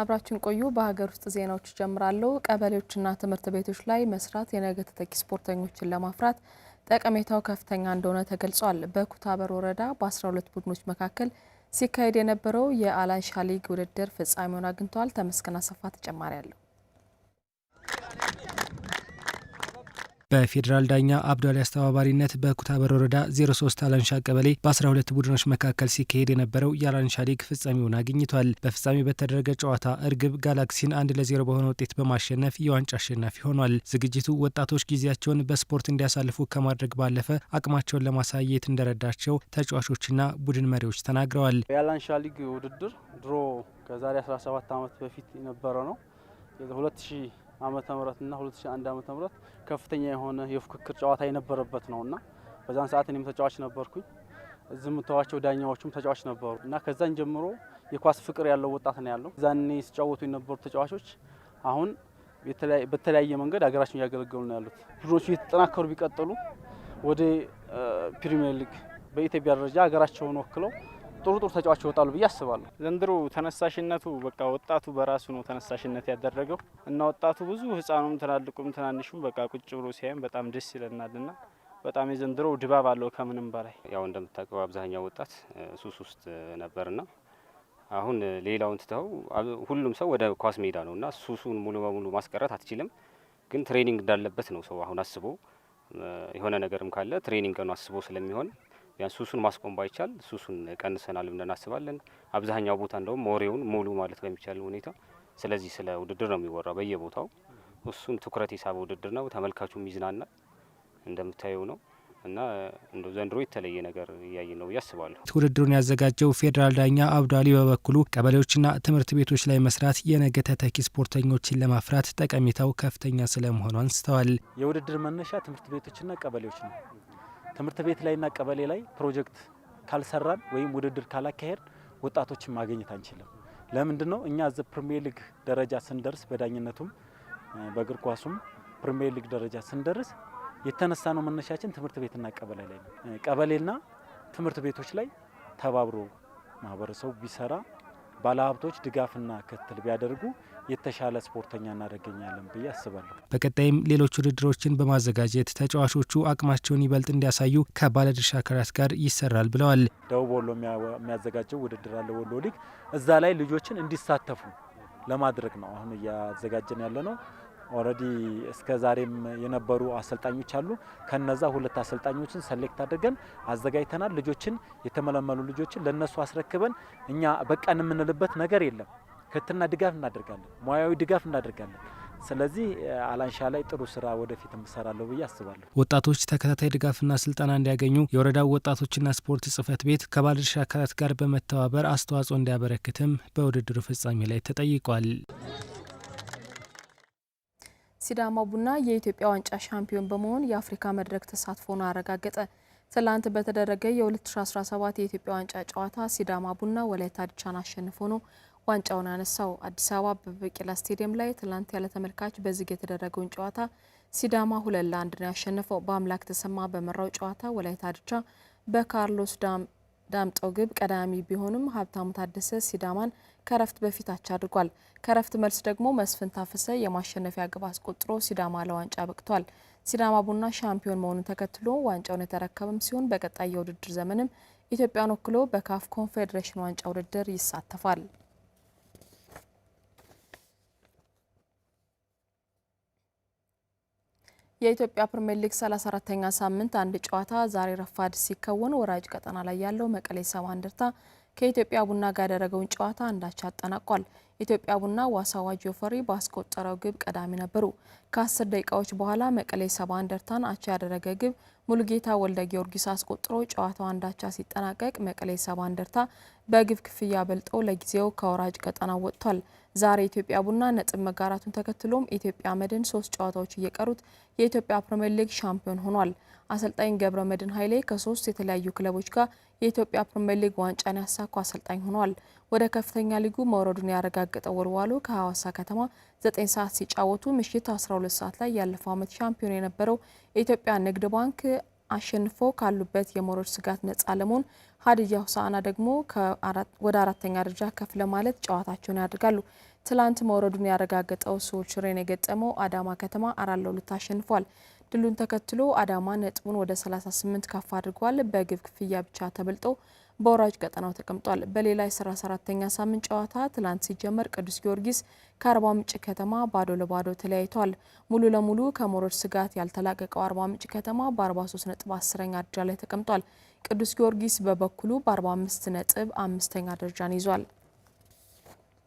አብራችን ቆዩ። በሀገር ውስጥ ዜናዎች ጀምራለሁ። ቀበሌዎችና ትምህርት ቤቶች ላይ መስራት የነገ ተተኪ ስፖርተኞችን ለማፍራት ጠቀሜታው ከፍተኛ እንደሆነ ተገልጿል። በኩታበር ወረዳ በ12 ቡድኖች መካከል ሲካሄድ የነበረው የአላሻ ሊግ ውድድር ፍጻሜውን አግኝተዋል። ተመስገን አሰፋ ተጨማሪ አለው። በፌዴራል ዳኛ አብዱ አስተባባሪነት በኩታበር ወረዳ 03 አላንሻ ቀበሌ በ12 ቡድኖች መካከል ሲካሄድ የነበረው የአላንሻ ሊግ ፍጻሜውን አግኝቷል። በፍጻሜ በተደረገ ጨዋታ እርግብ ጋላክሲን አንድ ለዜሮ በሆነ ውጤት በማሸነፍ የዋንጫ አሸናፊ ሆኗል። ዝግጅቱ ወጣቶች ጊዜያቸውን በስፖርት እንዲያሳልፉ ከማድረግ ባለፈ አቅማቸውን ለማሳየት እንደረዳቸው ተጫዋቾችና ቡድን መሪዎች ተናግረዋል። የአላንሻ ሊግ ውድድር ድሮ ከዛሬ 17 ዓመት በፊት የነበረ ነው። ዓመተ ምህረትና 2001 ዓመተ ምህረት ከፍተኛ የሆነ የፉክክር ጨዋታ የነበረበት ነውና በዛን ሰዓት እኔም ተጫዋች ነበርኩኝ። እዚህ የምታዋቸው ዳኛዎቹም ተጫዋች ነበሩ እና ከዛን ጀምሮ የኳስ ፍቅር ያለው ወጣት ነው ያለው። ዛኔ ሲጫወቱ የነበሩ ተጫዋቾች አሁን በተለያየ መንገድ ሀገራችን እያገለገሉ ነው ያሉት። ቡድኖቹ እየተጠናከሩ ቢቀጥሉ ወደ ፕሪሚየር ሊግ በኢትዮጵያ ደረጃ ሀገራቸውን ወክለው ጥሩ ጥሩ ተጫዋች ይወጣሉ ብዬ አስባለሁ። ዘንድሮ ተነሳሽነቱ በቃ ወጣቱ በራሱ ነው ተነሳሽነት ያደረገው እና ወጣቱ ብዙ ህፃኑም፣ ትላልቁም ትናንሹም በቃ ቁጭ ብሎ ሲያይም በጣም ደስ ይለናል እና በጣም የዘንድሮ ድባብ አለው ከምንም በላይ ያው እንደምታውቀው አብዛኛው ወጣት ሱስ ውስጥ ና አሁን ሌላውን ትተው ሁሉም ሰው ወደ ኳስ ሜዳ ነው እና ሱሱን ሙሉ በሙሉ ማስቀረት አትችልም። ግን ትሬኒንግ እንዳለበት ነው ሰው አሁን አስቦ የሆነ ነገርም ካለ ትሬኒንግ ቀኑ አስቦ ስለሚሆን ቢያንስ ሱሱን ማስቆም ባይቻል ሱሱን ቀንሰናል ብለን እናስባለን። አብዛኛው ቦታ እንደውም ወሬውን ሙሉ ማለት በሚቻል ሁኔታ ስለዚህ ስለ ውድድር ነው የሚወራው በየቦታው። እሱን ትኩረት የሳበ ውድድር ነው። ተመልካቹም ይዝናናል እንደምታየው ነው እና እንደ ዘንድሮ የተለየ ነገር እያየ ነው ብዬ ውድድሩን ያዘጋጀው ፌዴራል ዳኛ አብዱ በበኩሉ ቀበሌዎችና ትምህርት ቤቶች ላይ መስራት የነገ ተተኪ ስፖርተኞችን ለማፍራት ጠቀሜታው ከፍተኛ ስለመሆኑ አንስተዋል። የውድድር መነሻ ትምህርት ቤቶችና ቀበሌዎች ነው። ትምህርት ቤት ላይና ቀበሌ ላይ ፕሮጀክት ካልሰራን ወይም ውድድር ካላካሄድ ወጣቶችን ማግኘት አንችልም። ለምንድን ነው እኛ ዘ ፕሪሚየር ሊግ ደረጃ ስንደርስ በዳኝነቱም በእግር ኳሱም ፕሪሚየር ሊግ ደረጃ ስንደርስ የተነሳ ነው መነሻችን ትምህርት ቤትና ቀበሌ ላይ ነው። ቀበሌና ትምህርት ቤቶች ላይ ተባብሮ ማህበረሰቡ ቢሰራ ባለሀብቶች ድጋፍና ክትትል ቢያደርጉ የተሻለ ስፖርተኛ እናደርገኛለን ብዬ አስባለሁ። በቀጣይም ሌሎች ውድድሮችን በማዘጋጀት ተጫዋቾቹ አቅማቸውን ይበልጥ እንዲያሳዩ ከባለድርሻ አካላት ጋር ይሰራል ብለዋል። ደቡብ ወሎ የሚያዘጋጀው ውድድር አለ፣ ወሎ ሊግ። እዛ ላይ ልጆችን እንዲሳተፉ ለማድረግ ነው አሁን እያዘጋጀን ያለ ነው። ኦልሬዲ እስከ ዛሬም የነበሩ አሰልጣኞች አሉ። ከነዛ ሁለት አሰልጣኞችን ሰሌክት አድርገን አዘጋጅተናል። ልጆችን የተመለመሉ ልጆችን ለነሱ አስረክበን እኛ በቃ የምንልበት ነገር የለም። ክትትልና ድጋፍ እናደርጋለን፣ ሙያዊ ድጋፍ እናደርጋለን። ስለዚህ አላንሻ ላይ ጥሩ ስራ ወደፊት እሰራለሁ ብዬ አስባለሁ። ወጣቶች ተከታታይ ድጋፍና ስልጠና እንዲያገኙ የወረዳው ወጣቶችና ስፖርት ጽፈት ቤት ከባለድርሻ አካላት ጋር በመተባበር አስተዋጽኦ እንዲያበረክትም በውድድሩ ፍጻሜ ላይ ተጠይቋል። ሲዳማ ቡና የኢትዮጵያ ዋንጫ ሻምፒዮን በመሆን የአፍሪካ መድረክ ተሳትፎን አረጋገጠ። ትላንት በተደረገ የ2017 የኢትዮጵያ ዋንጫ ጨዋታ ሲዳማ ቡና ወላይታ ድቻን አሸንፎ ነው ዋንጫውን አነሳው። አዲስ አበባ በበቂላ ስቴዲየም ላይ ትላንት ያለ ተመልካች በዝግ የተደረገውን ጨዋታ ሲዳማ ሁለት ለአንድ ነው ያሸነፈው። በአምላክ ተሰማ በመራው ጨዋታ ወላይታ ድቻ በካርሎስ ዳምጠው ግብ ቀዳሚ ቢሆንም ሀብታሙ ታደሰ ሲዳማን ከረፍት በፊት አቻ አድርጓል። ከረፍት መልስ ደግሞ መስፍን ታፈሰ የማሸነፊያ ግብ አስቆጥሮ ሲዳማ ለዋንጫ በቅቷል። ሲዳማ ቡና ሻምፒዮን መሆኑን ተከትሎ ዋንጫውን የተረከበም ሲሆን በቀጣይ የውድድር ዘመንም ኢትዮጵያን ወክሎ በካፍ ኮንፌዴሬሽን ዋንጫ ውድድር ይሳተፋል። የኢትዮጵያ ፕሪምየር ሊግ 34 ኛ ሳምንት አንድ ጨዋታ ዛሬ ረፋድ ሲከወን ወራጅ ቀጠና ላይ ያለው መቀሌ ሰባ እንደርታ ከኢትዮጵያ ቡና ጋር ያደረገውን ጨዋታ አንዳቻ አጠናቋል። ኢትዮጵያ ቡና ዋሳ ዋጆፈሪ ባስቆጠረው ግብ ቀዳሚ ነበሩ። ከአስር ደቂቃዎች በኋላ መቀሌ ሰባ እንደርታን አቻ ያደረገ ግብ ሙሉጌታ ወልደ ጊዮርጊስ አስቆጥሮ ጨዋታው አንዳቻ ሲጠናቀቅ መቀሌ ሰባ እንደርታ በግብ ክፍያ በልጦ ለጊዜው ከወራጅ ቀጠና ወጥቷል። ዛሬ ኢትዮጵያ ቡና ነጥብ መጋራቱን ተከትሎም ኢትዮጵያ መድን ሶስት ጨዋታዎች እየቀሩት የኢትዮጵያ ፕሪምየር ሊግ ሻምፒዮን ሆኗል። አሰልጣኝ ገብረ መድን ኃይሌ ከሶስት የተለያዩ ክለቦች ጋር የኢትዮጵያ ፕሪምየር ሊግ ዋንጫን ያሳኩ አሰልጣኝ ሆኗል። ወደ ከፍተኛ ሊጉ መውረዱን ያረጋገጠው ወልዋሎ ከሐዋሳ ከተማ 9 ሰዓት ሲጫወቱ ምሽት 12 ሰዓት ላይ ያለፈው ዓመት ሻምፒዮን የነበረው የኢትዮጵያ ንግድ ባንክ አሸንፎ ካሉበት የመውረድ ስጋት ነጻ ለመሆን ሀዲያ ሆሳዕና ደግሞ ወደ አራተኛ ደረጃ ከፍ ለማለት ጨዋታቸውን ያደርጋሉ። ትላንት መውረዱን ያረጋገጠው ስሑል ሽሬን የገጠመው አዳማ ከተማ አራት ለሁለት አሸንፏል። ድሉን ተከትሎ አዳማ ነጥቡን ወደ 38 ከፍ አድርጓል። በግብ ክፍያ ብቻ ተበልጦ በወራጅ ቀጠናው ተቀምጧል። በሌላ የ 34 ሳምንት ጨዋታ ትላንት ሲጀመር ቅዱስ ጊዮርጊስ ከአርባ ምንጭ ከተማ ባዶ ለባዶ ተለያይቷል። ሙሉ ለሙሉ ከሞሮድ ስጋት ያልተላቀቀው አርባ ምንጭ ከተማ በ43 ነጥብ 10ኛ ደረጃ ላይ ተቀምጧል። ቅዱስ ጊዮርጊስ በበኩሉ በ45 ነጥብ አምስተኛ ደረጃን ይዟል።